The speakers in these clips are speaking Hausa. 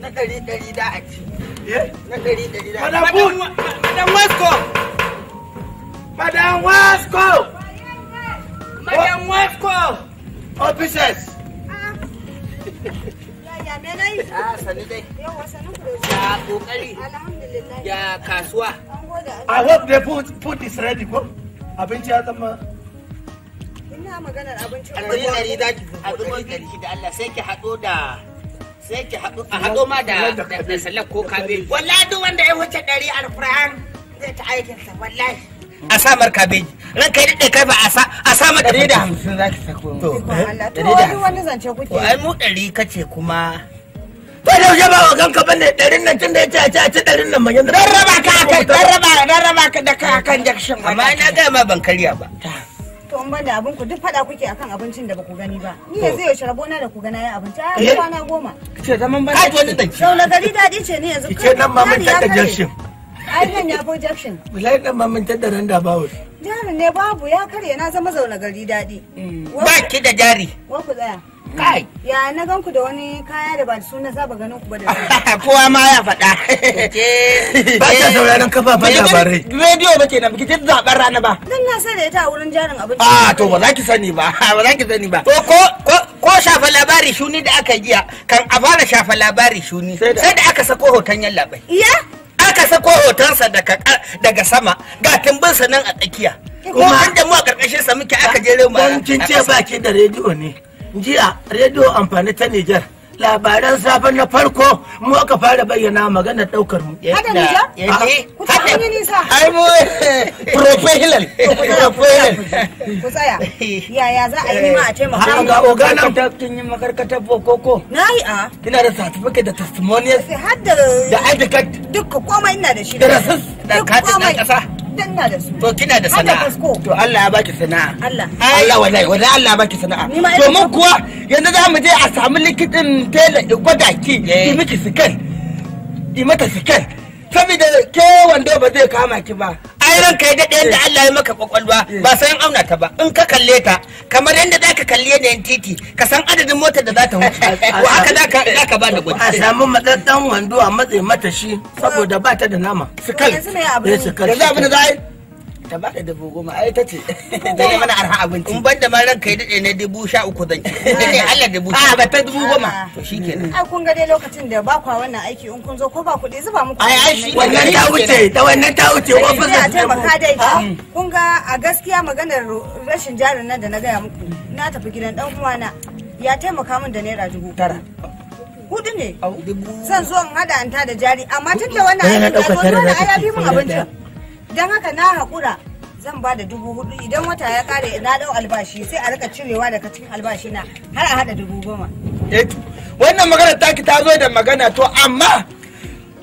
na ɗari ɗari da a eh? na ɗari ɗari da madam wasko madam wasko madam wasko officers Ya kokari. Ya kasuwa. I hope they put, put this ready ko. Abinci ya zama Ina maganar abinci. A ɗari ɗari ki ɗari da Allah sai ki haɗo da sai ki haɗo a haɗo ma da da salak ko kabeji. Wallahi duk wanda ya wuce ɗari alfura'an zai ta wallahi. A samar kabeji. ranka daɗe kai ba a sa mata ɗari da hamsin za ki sako to eh? ɗari da wani zance kuke ai mu ɗari kace kuma to da yaushe wa ganka bane ɗarin nan tunda yace a ci a ci ɗarin nan magana dan raba ka dan raba dan raba ka da kan jakshin amma na ga ma ban karya ba in ban da abin ku duk fada kuke akan abincin da baku gani ba ni yanzu ya shirabo na da ku gana ya abinci a eh? kwana goma ce zaman ban kai wani danki sau gari dadi ce ne yanzu ce nan ma mun tada jashin ai nan ya fi jashin wallahi nan ma mun tada nan da bawo jarin ne babu ya karya na zama zauna gari dadi ba ki da jari wa ku tsaya Kai! Ya na gan ku da wani kaya da ba da suna saba ganin ku ba da Kowa ma ya faɗa. Ba ta eh. sauraron kafafen labarai. Rediyo ba kenan biki jin rana ba. Dan na sa da ita a wurin jarin abinci. Ah to ba za ki sani ba. Ba za ki sani ba. Ko ko ko shafa labari shuni da aka jiya kan a fara shafa labari shuni sai da aka sako hoton yallaɓai. Iya? Aka sako hotonsa daga sama ga tumbinsa nan a tsakiya. Kuma an da mu a ƙarƙashin sa muke aka jere mu. Dan kin da rediyo ne. jiya rediyo amfani ta Nijar labaran safe na farko mu aka fara bayyana maganar daukar mu. Haka Nijar? Eh, Haka eh, ni nisa. Ai mu eh, professional. Professional. Ku tsaya. Yaya za a yi ma a taimaka? Har ga ogana. Ta kin yi makarkatar bokoko. Na yi a. Ah. Kina da certificate da testimonials. Har da. Da ID card. Duk komai ina da shi. Da rasus. Da katin ɗan ƙasa. danna da su to kina da sana'a to Allah ya baki sana'a Allah Allah wallahi wallahi Allah ya baki sana'a to mun kuwa yanzu za mu je a samu likitin tela gwada ki ki eh. miki sikal ki mata sikal saboda ke wando ba zai kama ki ba ai kai ya daɗe yadda Allah ya maka kwakwalwa ba sai an auna ta ba in ka kalle ta kamar yadda zaka ka kalle da titi ka san adadin motar da za ta wuce ko haka zaka zaka ba da gudu. a samu madaddan wando a matse mata shi saboda ba ta da nama. su kai yanzu ne eh, abin da za da ta ba da dubu goma ai ta ce ta ne mana arha abinci in ban ma ranka ya dade ne dubu sha uku zan ki dai Allah dubu a ba ta dubu goma to shikenan ai kun ga dai lokacin da ba kwa wannan aiki in kun zo ko ba kuɗi zuba muku ai ai shi wannan ta wuce ta wannan ta wuce ofis ta taimaka dai mm. kun ga a gaskiya maganar rashin jarin nan da na gaya muku na tafi gidan dan uwana ya taimaka min da naira dubu tara hudu ne zan zo in hada anta da jari amma tun da wannan aiki ta zo dole ai ya bi min abincin don haka na haƙura zan ba da dubu hudu idan wata ya kare na dau albashi sai a rika cirewa daga cikin albashi na har a hada dubu goma. Eto, eh, wannan magana taki ta zo da magana to amma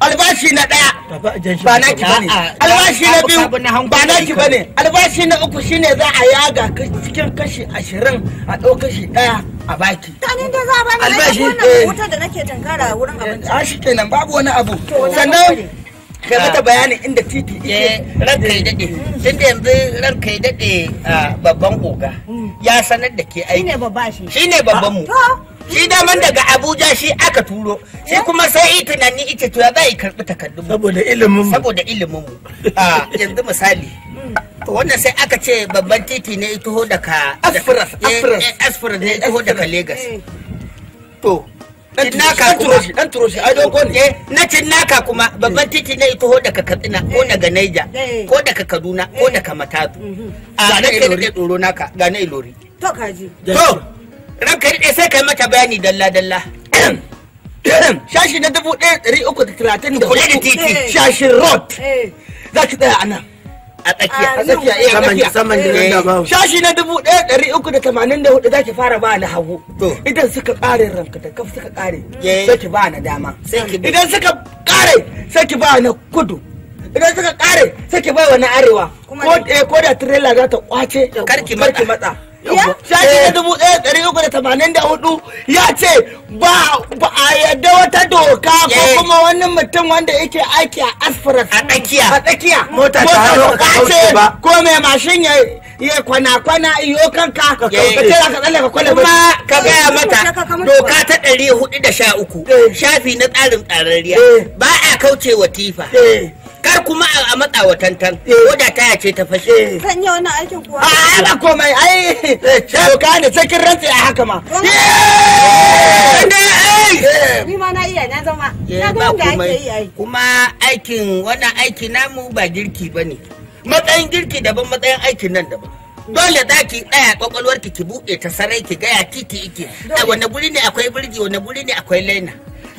albashi na daya ba na ki bane albashi na biyu ba na ki bane albashi na uku shine za a yaga cikin kashi ashirin a ɗau kashi daya a baki kanin da za a bani albashi eh. wuta da nake tankara wurin eh, abinci a shi kenan babu wani abu sannan kai mata bayani inda titi ike eh, ranka ya dade mm. tunda yanzu ranka ya dade babban oga mm. ya sanar da ke aiki shine babba shi shine babban mu ah, shi daman daga abuja shi aka turo shi eh? kuma sai yi tunani ita to ya za yi karbi takardun saboda ilimin mu saboda ilimin mu yanzu misali mm. wannan sai aka ce babban titi ne ya taho daga asfiras eh, asfiras ne ya taho daga lagos to cinnaka kuma dan turoshi ai dogo ne na cinnaka kuma babban mm. titi ne ko daga katsina ko eh. daga naija eh. ko daga kaduna ko eh. daga matatu a na ce da tsoro naka ga na ilori to kaji to ranka rike sai kai mata bayani dalla dalla shashi na dubu ɗaya ɗari uku da talatin da hudu shashi road za ki tsaya a nan a tsakiya a tsakiya eh saman saman nan eh, da ba shashi na 1384 zaki fara ba na hagu idan suka kare ranka da kaf suka kare sai ki ba na dama idan suka kare sai ki ba na kudu idan suka kare sai ki bai wa na arewa ko da trailer za ta kwace karki matsa shafi na eh. dubu ɗaya ɗari uku da tamanin da hudu ya ce ba a yadda wata doka ko eh. kuma wani mutum wanda yake aiki a asfaras a tsakiya a tsakiya mota ta hannu ka kauce ba ko mai mashin ya ya kwana kwana iyo kanka ka tira ka tsalle ka kwana kuma ka gaya mata doka ta ɗari hudu da sha uku eh. shafi na tsarin tsararriya ba a kauce wa tifa kar kuma a matsa wa tantan ko eh, da taya ce ta fashe zan yi wani aikin kuwa a ba komai ai shauka ne sai kin rantsi a haka ma eh! eh! ni ma na iya na zama na ga wanda ake yi ai kuma aikin wannan aiki namu ba girki bane matsayin girki daban matsayin aikin nan daban dole za ki tsaya kwakwalwar ki buɗe ta sarai ki gaya titi ike a wani guri ne akwai birji wani guri ne akwai laina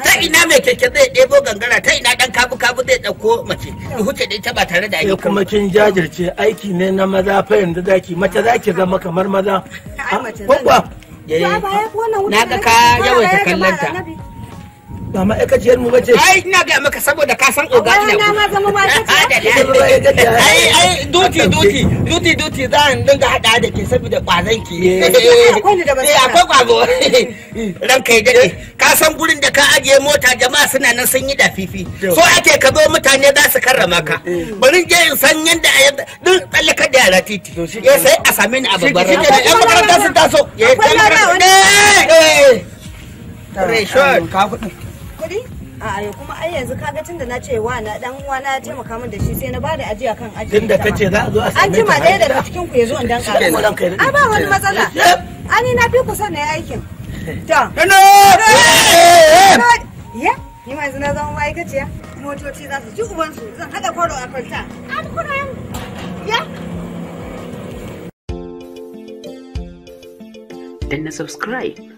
ta ina mai keke zai ɗebo gangara ta ina ɗan kabu kabu zai ɗauko mace in huce da ita ba tare da aiki eh, kuma kin jajirce aiki ne na maza fa yanzu zaki mace zaki zama kamar maza na ga ka yawaita ta kallanta ba ma'aikaciyar mu bace ai ina ga maka saboda ka san oga ina na ma zama ma ai ai duty duty duty duty za an dinga hada da ke saboda kwazan ki eh. akwai kwazo ran kai dade ka san gurin da ka ajiye mota jama'a suna nan sun yi da fifi. so ake ka zo mutane za su karrama ka eh. bari je in san yanda din tsallaka da yara titi ya eh, sai a same ni a babbar rana yan makaranta sun taso ya yi tsallakar da yara titi a ya kuma ai yanzu kaga tunda na ce wa na dan uwa na taimaka min da shi sai na bada ajiya kan ajiya tunda kace za a zo a an jima ɗaya daga cikin ku ya zo in dan ƙaro a ba wani matsala ani na fi kusa na aikin to ya ni ma yanzu na zama ma'aikaciya motoci za su ci ubansu zan haɗa kwaro a kwanta an kuna ya danna subscribe